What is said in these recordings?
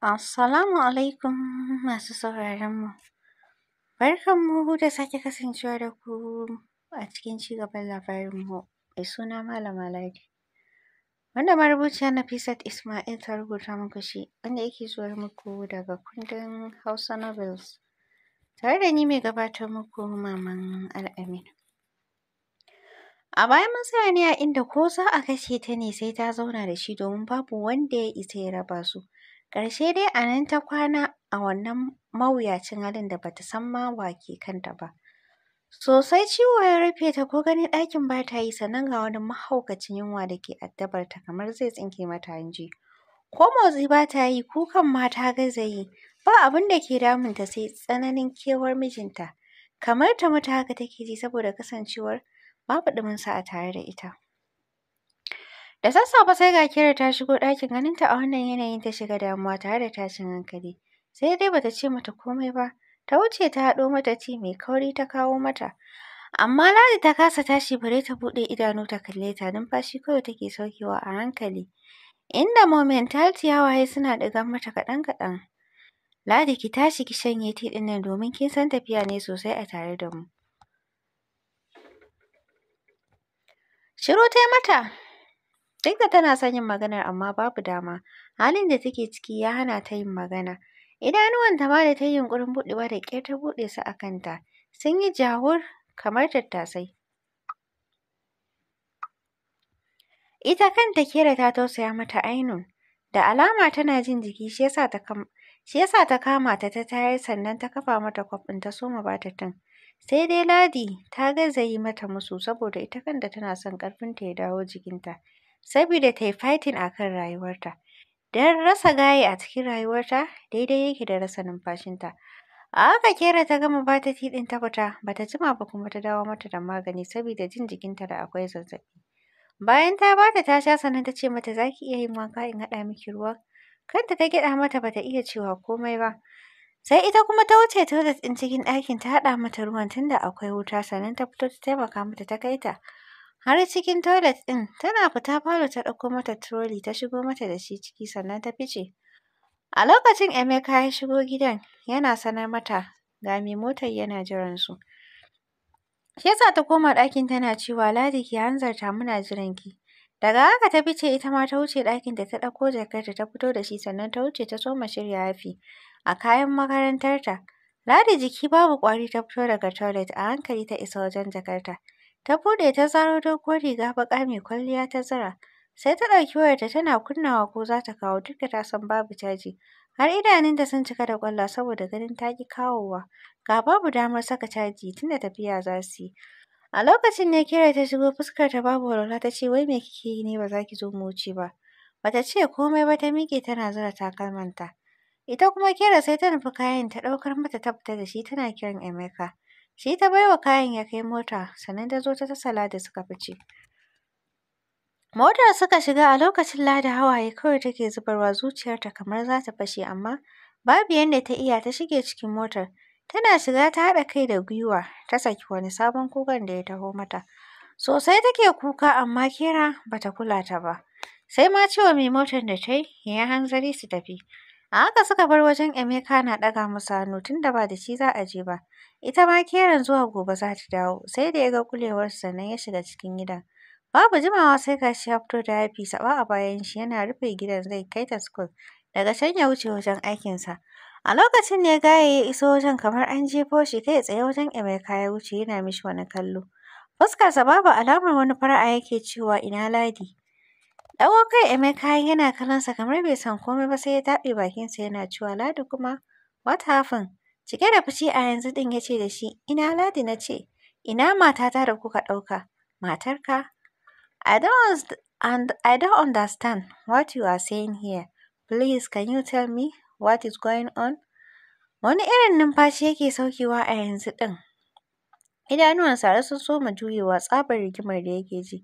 Assalamu alaikum masu sauraronmu. Barkanmu da sake kasancewa da ku a cikin cigaban labarinmu mai suna Malama Ladi. Wanda marubuciya Nafisat Ismail ta rubuta muku shi wanda yake zuwa muku daga kundin Hausa Novels. Tare da ni mai gabatar muku Maman Al'aminu. A baya mun tsaya ne a inda ko za a kashe ta ne sai ta zauna da shi domin babu wanda ya isa ya raba su. Ƙarshe dai a nan ta kwana a wannan mawuyacin halin da bata san ma wa ke kanta ba. Sosai ciwo ya rufe ta ko ganin ɗakin ba ta yi sannan ga wani mahaukacin yunwa da ke addabar ta kamar zai tsinke mata hanji. Ko motsi ba ta yi kukan ma ta gaza yi ba abinda da ke ta sai tsananin kewar mijinta. Kamar ta mutu haka take ji saboda kasancewar babu ɗuminsa a tare da ita. Da sassafe sai ga Kira ta shigo ɗakin ganinta a wannan yanayin ta shiga damuwa tare da tashin hankali. Sai dai bata ce mata komai ba. Ta wuce ta haɗo mata ti mai kauri ta kawo mata. Amma Ladi ta kasa tashi bare ta buɗe idanu ta kalle ta numfashi kawai take saukewa a hankali. Inda momentality hawaye suna ɗigan mata kaɗan-kaɗan. Ladi ki tashi ki shanye ti ɗin nan domin kin san tafiya ne sosai a tare da mu. Shiru tai mata. Duk da tana son yin maganar amma babu dama, halin da take ciki ya hana ta yin magana. Idanuwanta ma da ta yi yunƙurin buɗewa da ƙyar ta buɗe su a kanta, sun yi jawur kamar tattasai. Ita kanta Kera ta tausaya mata ainun, da alama tana jin jiki shi yasa ta kam shi yasa ta kama ta ta tayar sannan ta kafa mata kwaf ɗin ta soma ba ta tun. Sai dai Ladi ta gazayi mata musu saboda ita kanta tana son ƙarfinta ya dawo jikinta. saboda ta yi fighting a kan rayuwarta. Don rasa gaye a cikin rayuwarta daidai yake da rasa numfashinta. A haka Kera ta gama ba ta tiɗin ta fita, ba ta jima ba kuma ta dawo mata da magani saboda jin jikinta da akwai zazzaɓi. Bayan ta bata ta sha sannan ta ce mata za ki iya yin wanka in haɗa miki ruwa. Kanta ta gyaɗa mata ba ta iya cewa komai ba. Sai ita kuma ta wuce toilet ɗin cikin ɗakin ta haɗa mata ruwan tunda akwai wuta sannan ta fito ta taimaka mata ta kai ta har cikin toilet ɗin tana fita falo ta ɗauko mata trolley ta shigo mata da shi ciki sannan ta fice a lokacin Emeka ya shigo gidan yana sanar mata ga mai motar yana jiran su yasa ta koma ɗakin tana cewa Ladi ki hanzarta muna jiran ki daga haka ta fice ita ma ta wuce ɗakin da ta ɗauko jakarta ta fito da shi sannan ta wuce ta soma shirya yafi a kayan makarantarta Ladi jiki babu ƙwari ta fito daga toilet a hankali ta isa wajen jakarta Ta buɗe ta zaro doguwar riga baƙa mai kwalliya ta zura. Sai ta ɗauki wayarta tana kunnawa ko za ta kawo duk da ta san babu caji. Har idanunta sun cika da kwalla saboda ganin ta ki kawowa. Ga babu damar saka caji tunda tafiya za su yi. A lokacin ne Kira ta shigo fuskar ta babu walwala ta ce wai me kike yi ne ba za ki zo mu wuce ba. Bata ce komai ba ta miƙe tana zura takalmanta. Ita kuma Kira sai ta nufi kayan ta ɗaukar mata ta fita da shi tana kiran Emeka. Shi ta baiwa kayan ya kai mota sannan ta zo ta tasala da suka fice. Motar suka shiga a lokacin lada hawaye kawai take zubarwa zuciyarta kamar za ta fashe amma babu yadda ta iya ta shige cikin motar. Tana shiga ta haɗa kai da gwiwa ta saki wani sabon kukan da ya taho mata. Sosai take kuka amma Kera bata kula ta ba. Sai ma cewa mai motar da ta yi ya hanzari su tafi. A haka suka bar wajen Emeka na ɗaga musu hannu tunda ba da shi za a je ba. Ita ma keran zuwa gobe za ta dawo, sai da ya ga kulewar sannan ya shiga cikin gidan. Babu jimawa sai ka ya fito da Hafi saɓa a bayan shi yana rufe gidan zai kai ta school. Daga can ya wuce wajen aikin sa A lokacin ne Gaye ya iso wajen kamar an jefo shi kai tsaye wajen Emeka ya wuce yana mishi wani kallo. sa babu alamar wani fara'a yake cewa ina Ladi. Ɗago kai Emeka yana kallon sa, kamar bai san komai ba sai ya taɓe bakinsa yana cewa Ladi kuma what happened? Cike da fushi a yanzu ɗin ya ce da shi, ina Ladi na ce, ina matata da kuka ɗauka, matarka? I don't, and I don't understand what you are saying here. Please, can you tell me what is going on? Wani irin numfashi yake saukewa a yanzu ɗin. Idanuwan Sare sun juyewa tsabar rigimar da yake ji.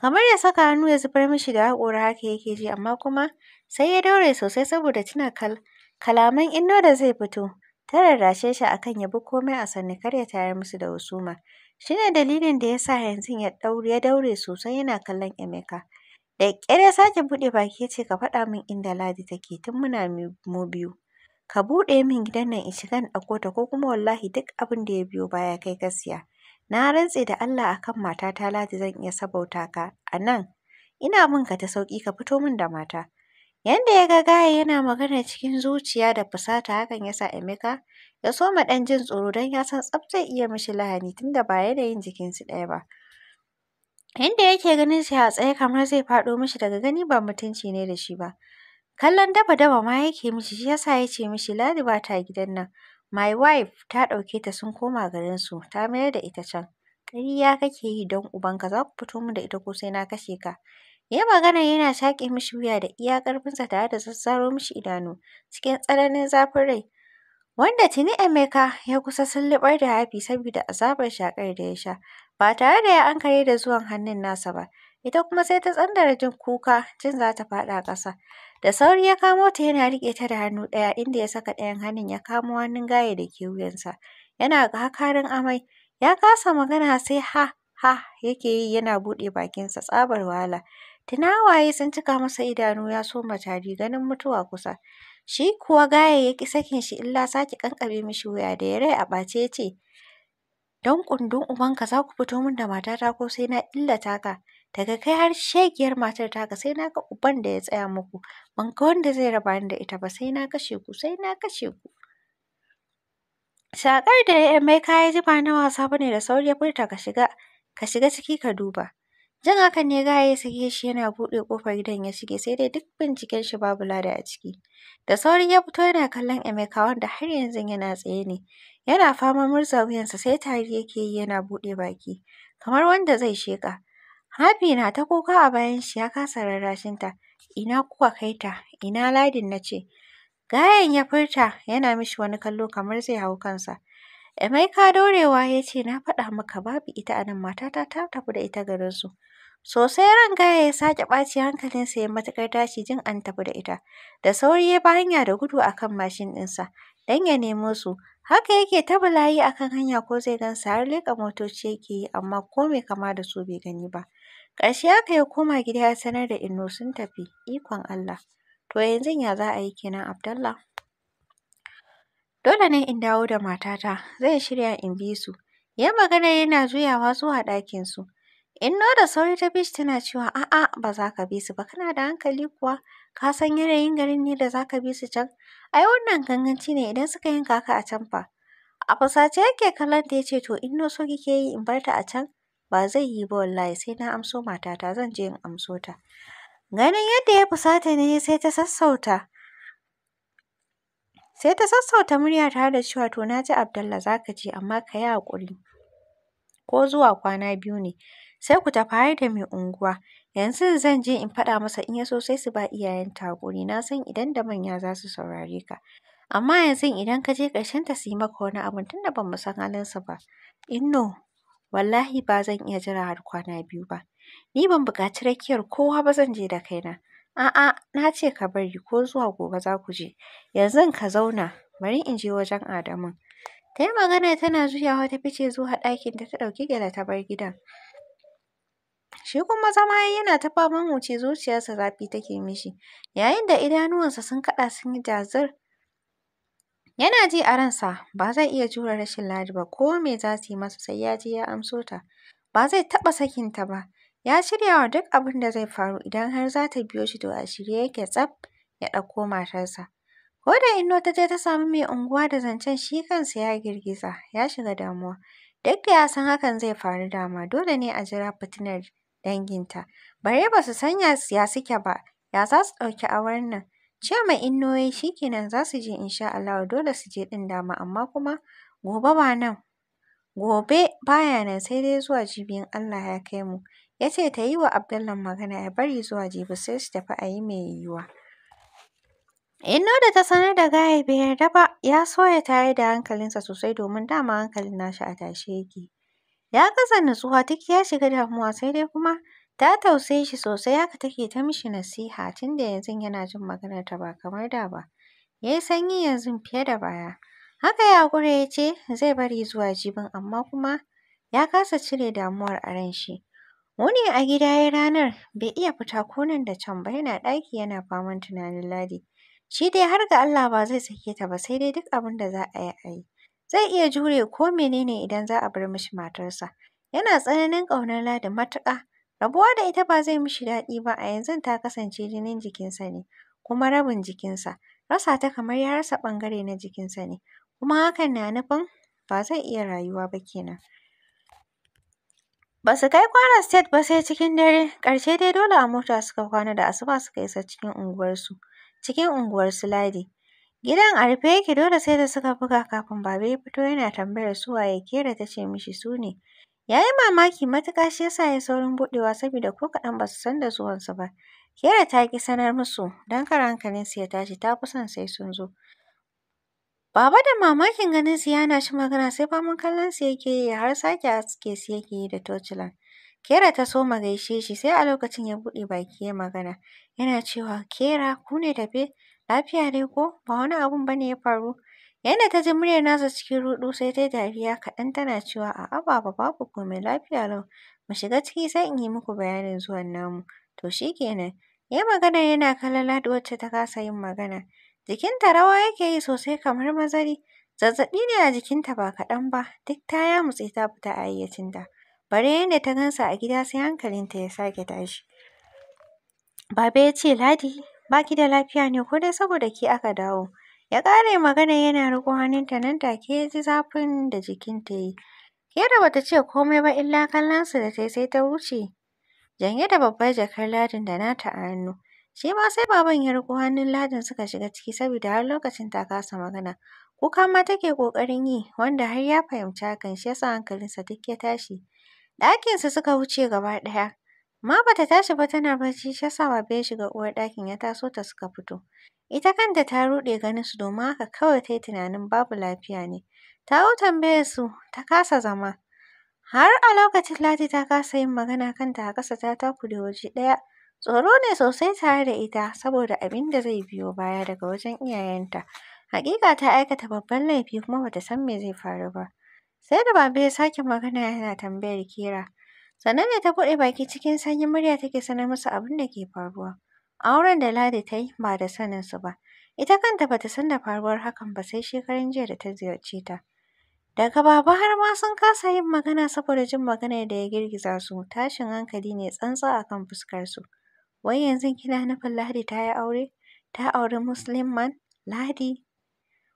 Kamar ya saka hannu ya zubar mishi da haƙora haka yake ji, amma kuma sai ya daure sosai saboda tuna kalaman inno da zai fito. ta rarrashe shi akan ya bi komai a sannu kar ya tayar musu da husuma. Shi ne dalilin da ya sa yanzu ya daure sosai yana kallon Emeka. Da ƙyar ya sake buɗe baki ya ce ka faɗa min inda Ladi take tun muna mu biyu. Ka buɗe min gidan nan in shiga in ɗauko ta ko kuma wallahi duk abin da ya biyo baya kai gaskiya. Na rantse da Allah akan matata Ladi zan iya sabauta ka a nan. Ina bin ka ta sauƙi ka fito min da mata. Yanda ya ga Gaye yana magana cikin zuciya da fusata hakan yasa Emeka ya soma ɗan jin tsoro don ya san tsaf iya mishi lahani tunda ba yanayin jikinsu ɗaya ba. Yanda yake ganin shi a tsaye kamar zai faɗo mishi daga gani ba mutunci ne da shi ba. Kallon daba-daba ma yake mishi shi yasa sa ya ce mishi Ladi ba ta gidan nan, my wife ta ɗauke ta sun koma garinsu ta mayar da ita can. Ƙarya kake yi don ubanka za ku fito min da ita ko sai na kashe ka. Ya magana yana shaƙe mishi wuya da iya ƙarfinsa tare da zazzaro mishi idanu cikin tsananin zafin rai. Wanda tuni Emeka ya kusa sulluɓar da hafi saboda azabar shaƙar da ya sha ba tare da ya ankare da zuwan hannun nasa ba. Ita kuma sai ta tsandara jin kuka jin za ta faɗa ƙasa. Da sauri ya kamo ta yana riƙe ta da hannu ɗaya inda ya saka ɗayan hannun ya kamo hannun Gaye da ke wuyansa. Yana hakarin amai ya kasa magana sai ha ha yake yi yana buɗe bakinsa tsabar wahala. Tuna hawaye sun cika masa idanu ya so matari, ganin mutuwa kusa. Shi kuwa gaya ya ƙi sakin shi illa sake ƙanƙame mishi wuya da ya rai a ɓace ya ce, Don ƙundun ubanka za ku fito min da matata ko sai na illata ka. Daga kai har shegiyar matar taka sai na ga uban da ya tsaya muku. Ban ga wanda zai raba ni da ita ba sai na kashe ku sai na kashe ku. Shakar da ya mai kaya ji ba na wasa bane da sauri ya furta ka shiga ka shiga ciki ka duba. Jan hakan ne Gaya ya sake shi yana buɗe ƙofar gidan ya shige sai dai duk binciken shi babu lada a ciki. Da sauri ya fito yana kallon Emeka wanda har yanzu yana tsaye ne. Yana faman murza wuyansa sai tari yake yi yana buɗe baki kamar wanda zai sheƙa. hafi na ta kuka a bayan shi ya kasa rarrashin ta Ina kuka kai ta? Ina ladin na ce? Gayan ya furta yana mishi wani kallo kamar zai hau kansa. Emeka dorewa ya ce na faɗa maka babu ita a nan matata ta tafi da ita garinsu. Sosai ran gaya ya sake ɓaci hankalinsa ya matuƙar tashi jin an tafi da ita. Da sauri ya ba hanya da gudu a kan mashin ɗinsa don ya nemo su. Haka yake ta bulayi a kan hanya ko zai gan har leƙa motoci yake yi amma ko mai kama da su bai gani ba. Ƙarshe haka ya koma gida ya sanar da Inno sun tafi, ikon Allah. To yanzu ya za a yi kenan Abdallah? Dole ne in dawo da matata, zai shirya in bi su. Ya magana yana juyawa zuwa ɗakinsu. Inno da sauri ta bi shi tana cewa a'a ba za ka bi su ba kana da hankali kuwa ka san yanayin garin ne da za ka bi su can. Ai wannan ganganci ne idan suka yanka ka a can fa. A fusace yake kallon ta ya ce to inno so kike yi in bar ta a can ba zai yi ba wallahi sai na amso matata zan je in amso ta. Ganin yadda ya fusata ne sai ta sassauta. Sai ta sassauta murya tare da cewa to na ji Abdallah za ka je amma ka yi haƙuri ko zuwa kwana biyu ne. sai ku tafi har da mai unguwa. Yanzu zan je in faɗa masa in ya so sai su ba iyayen ta haƙuri, na san idan da manya za su saurare ka. Amma yanzu idan ka je ƙarshen ta su yi maka wani abun tunda ba mu san halin halinsu ba. Inno, wallahi ba zan iya jira har kwana biyu ba. Ni ban buƙaci rakiyar kowa ba zan je da kaina. A'a, na ce ka bari ko zuwa gobe za ku je. Yanzu ka zauna, bari in je wajen Adamun. Ta yi magana tana juyawa ta fice zuwa ɗakinta ta ɗauki gyale ta bar gidan. Shi kuma zama yana ta faman wuce zuciyarsa zafi take mishi, yayin da idanuwansa sun kaɗa sun yi jazir. Yana ji a ransa ba zai iya jure rashin Ladi ba ko me za su yi masa sai ya je ya amso ta. Ba zai taɓa ta ba. Ya shirya wa duk abin da zai faru idan har za ta biyo shi to a shirye yake tsaf ya ɗauko matarsa. Ko da Inno ta je ta samu mai unguwa da zancen shi kansa ya girgiza, ya shiga damuwa. Duk da ya san hakan zai faru dama, dole ne a jira fitinar danginta. Bare ba su san ya suke ba, ya za su ɗauki auren nan. Ce ma Inno shi kenan za su je insha Allahu dole su je ɗin dama amma kuma gobe ba nan. Gobe baya nan sai dai zuwa jibi in Allah ya kai mu. Ya ce ta yi wa Abdullah magana ya bari zuwa jibi sai su tafi a yi mai yiwuwa. Inno da ta sanar da Gaya bai yarda ba, ya so ya tayar da hankalinsa sosai domin dama hankalin nashi a tashe yake. Ya kasa natsuwa duk ya shiga damuwa sai dai kuma ta tausaye shi sosai haka take ta mishi nasiha tunda yanzu yana jin maganarta ba kamar da ba. Ya yi sanyi yanzu fiye da baya. Haka ya haƙura ya ce zai bari zuwa jibin amma kuma ya kasa cire damuwar a ran shi. Wuni a gida ya ranar bai iya fita ko nan da can ba yana ɗaki yana faman tunanin Ladi. Shi dai har ga Allah ba zai sake ta ba sai dai duk abin da za a yi a yi. Zai iya jure ko menene idan za a bar mishi matarsa. Yana tsananin ƙaunar Ladi matuƙa. Rabuwa da ita ba zai mishi daɗi ba a yanzu ta kasance jinin jikinsa ne kuma rabin jikinsa. Rasa ta kamar ya rasa ɓangare na jikinsa ne kuma hakan na nufin ba zai iya rayuwa ba kenan. Ba su kai Kwara State ba sai cikin dare, ƙarshe dai dole a mota suka kwana da asuba suka isa cikin unguwarsu, cikin unguwar Ladi. Gidan a rufe yake dole sai da suka buga kafin baba ya fito yana tambayar su waye Kera ta ce mishi su ne. Ya yi mamaki matuƙa shi yasa ya saurin buɗewa saboda ko kaɗan ba su san da zuwansu ba. Kera ta ƙi sanar musu don kar hankalinsu ya tashi ta fi son sai sun zo. Baba da mamakin ganin su yana shi magana sai faman kallon su yake yi har sake haske su yake yi da tocilan. Kera ta so ma gaishe shi sai a lokacin ya buɗe baki ya magana. Yana cewa Kera ku ne tafe? Lafiya dai ko? Ba wani abun bane ya faru? Yadda ta ji muryar nasa cikin ruɗu sai ta dariya kaɗan tana cewa a'a baba babu komai lafiya lau. Mu shiga ciki sai in yi muku bayanin zuwan namu. To shi kenan. Ya magana maganar yana kallon Ladi wacce ta kasa yin magana. Jikinta rawa yake yi sosai kamar mazari. Zazzaɓi ne a jikinta ba kaɗan ba, duk ta yamutse ta fita a hayyacinta. Bare yadda ta gansa a gida sai hankalinta ya sake tashi. Baba ya ce Ladi Ba ki da lafiya ne ko dai saboda ki aka dawo? Ya ƙare magana yana riƙo hannunta nan take ya ji zafin da jikin ta yi. Ke da bata ce komai ba illa su da ta yi sai ta wuce. Janye da babbar jakar ladin da nata a hannu. Shi ma sai baban ya riƙo hannun ladin suka shiga ciki saboda har lokacin ta kasa magana. Kuka ma take ƙoƙarin yi wanda har ya fahimci hakan shi ya sa hankalinsa duk ya tashi. Ɗakinsu suka wuce gaba ɗaya. Ma ba ta tashi ba tana barci shi ya sa ya shiga uwar ɗakin ya taso ta suka fito. Ita kanta ta ruɗe ganin su domin haka kawai ta yi tunanin babu lafiya ne. Ta hau tambayar su ta kasa zama. Har a lokacin Ladi ta kasa yin magana kanta a ƙasa ta takure waje ɗaya. Tsoro ne sosai tare da ita saboda abin da zai biyo baya daga wajen iyayenta. Haƙiƙa ta aikata babban laifi kuma bata san me zai faru ba. Sai da baba ya sake magana yana tambayar Kira. Sannan da ta buɗe baki cikin sanyin murya take sanar musu abin da ke faruwa. Auren da Ladi ta yi ba da saninsu ba. Ita kanta ba ta san da faruwar hakan ba sai shekaran jiya da ta ziyarce ta. Daga baba har ma sun kasa yin magana saboda jin maganar da ya girgiza su. Tashin hankali ne tsantsa a kan su, Wai yanzu kina nufin Ladi ta yi aure? Ta auri Muslim man? Ladi?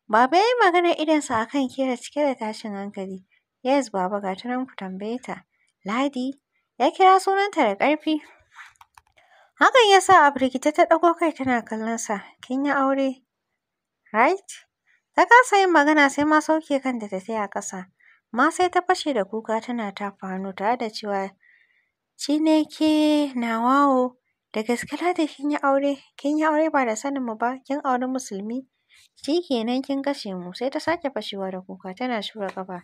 Baba ya yi maganar idonsa a kan Kira cike da tashin hankali. Yes, Baba ga ta nan ku tambaye ta. Ladi ya kira sunanta da ƙarfi. Hakan ya sa a firgice ta ɗago kai tana kallonsa. Kin yi aure? Right? Ta kasa yin magana sai ma sauke kanta ta tsaya ƙasa. Ma sai ta fashe da kuka tana tafa hannu tare da cewa Cineke nawawo da gaske Ladi kin yi aure, kin yi aure ba da sanin saninmu ba, kin auri musulmi. Shikenan kin kashe mu, sai ta sake fashewa da kuka tana shura ƙafa.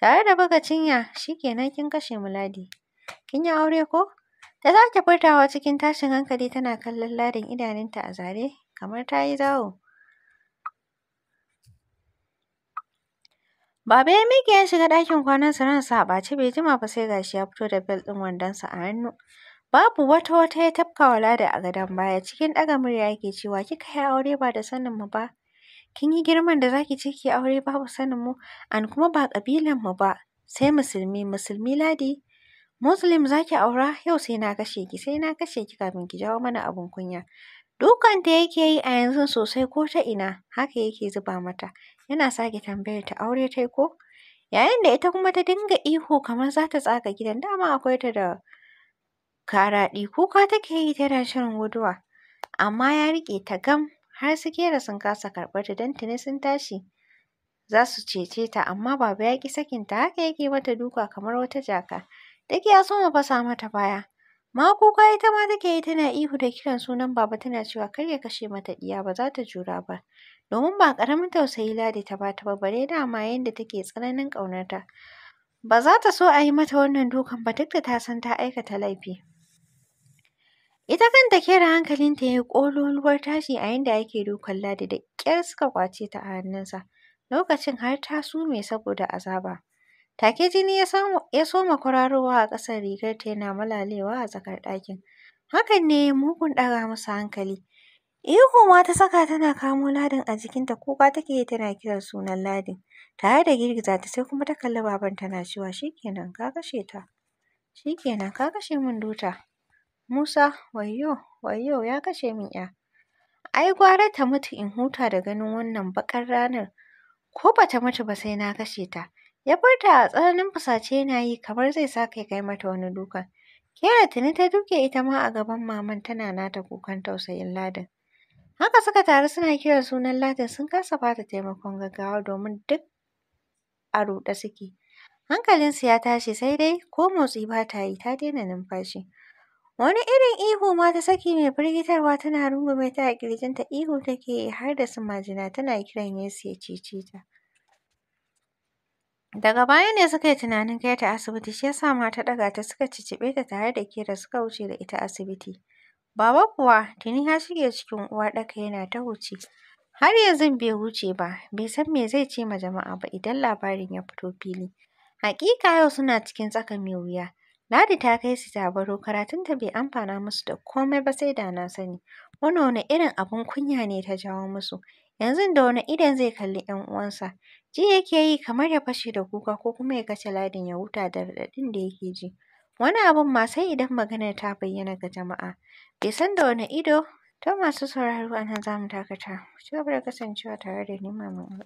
Tare da buga cinya, shikenan kin kashe mu Ladi. Kin yi aure ko? Ta sake furtawa cikin tashin hankali tana kallon Ladin idanunta a zare kamar ta yi zawo. Baba ya miƙe ya shiga ɗakin kwanansa ransa a ɓace bai jima ba sai gashi ya fito da bel ɗin wandonsa a hannu. Babu wata wata ya tafka wa Ladi a gadon baya cikin ɗaga murya yake cewa kika yi aure ba da sanin mu ba. kin yi girman da zaki ce ki aure babu sanin mu an kuma ba kabilan mu ba sai musulmi musulmi ladi muslim zaki aura yau sai na kashe ki sai na kashe ki kafin ki jawo mana abun kunya dukan ta yake yi a yanzu sosai ko ta ina haka yake zuba mata yana sake tambayar ta aure tai ko yayin da ita kuma ta dinga ihu kamar za ta tsaga gidan dama akwai ta da karaɗi kuka take yi tana shirin guduwa amma ya rike ta gam har su Kera sun kasa karɓar ta don tuni sun tashi za su cece ta amma Baba ya ƙi sakin ta haka yake mata duka kamar wata jaka. Duk ya so mu fasa mata baya. Ma kuka ita ma take yi tana ihu da kiran sunan Baba tana cewa kar ya kashe mata ɗiya ba za ta jura ba. Domin ba ƙaramin tausayi Ladi ta bata ba bare dama yadda take tsananin ƙaunarta. Ba za ta so a yi mata wannan dukan ba duk da ta san ta aikata laifi. Ita kanta kera hankalinta ya yi ƙololuwar tashi a yanda ake dukan Ladi da ƙyar suka ƙwace ta a hannunsa. Lokacin har ta sume saboda azaba. Take jini ya soma kwararowa a ƙasar rigarta yana malalewa a tsakar ɗakin. Hakan ne ya mugun ɗaga masa hankali. Ihu ma ta saka tana kamo Ladin a jikinta kuka take yi tana kiran sunan Ladin. Tare da girgiza ta sai kuma ta kalli baban tana cewa shi kenan ka kashe ta. Shi kenan ka kashe min dota. Musa wayyo! Wayyo! Ya kashe min 'ya. Ai gwara ta mutu in huta da ganin wannan bakar ranar. Ko ba ta mutu ba sai na kashe ta. Ya ta a tsananin fusace yana yi kamar zai sa kai mata wani dukan. Kera tuni ta duke ita ma a gaban maman tana nata kukan tausayin Ladan. Haka suka taru suna kiran sunan Ladan sun kasa ba taimakon gaggawa domin duk a ruɗe suke. Hankalinsu ya tashi sai dai ko motsi ba ta yi ta daina numfashi. Wani irin ihu ma ta saki mai firgitarwa tana rungume ta a ƙirjinta ihu take yi har da sumajina tana kiran Yesu ya cece ta. Daga baya ne suka yi tunanin kai ta asibiti shi yasa mata ɗaga ta suka cicibe ta tare da Kira suka wuce da ita asibiti. Baba kuwa tuni ya shige cikin uwarɗaka yana ta wuce. Har yanzu bai wuce ba, bai san me zai ce ma jama'a ba idan labarin ya fito fili. Haƙiƙa yau suna cikin tsaka mai wuya. Ladi ta kai su Tabaro karatunta bai amfana musu da komai ba sai da na sani. wani wani irin abun kunya ne ta jawo musu. Yanzu da wani idon zai kalli 'yan uwansa. Ji yake yi kamar ya fashe da kuka ko kuma ya kashe Ladin ya huta da raɗaɗin da yake ji. Wani abun ma sai idan maganar ta bayyana ga jama'a. Bai san da wani ido ta masu sauraro a nan za mu dakata. Ku ci gaba da kasancewa tare da ni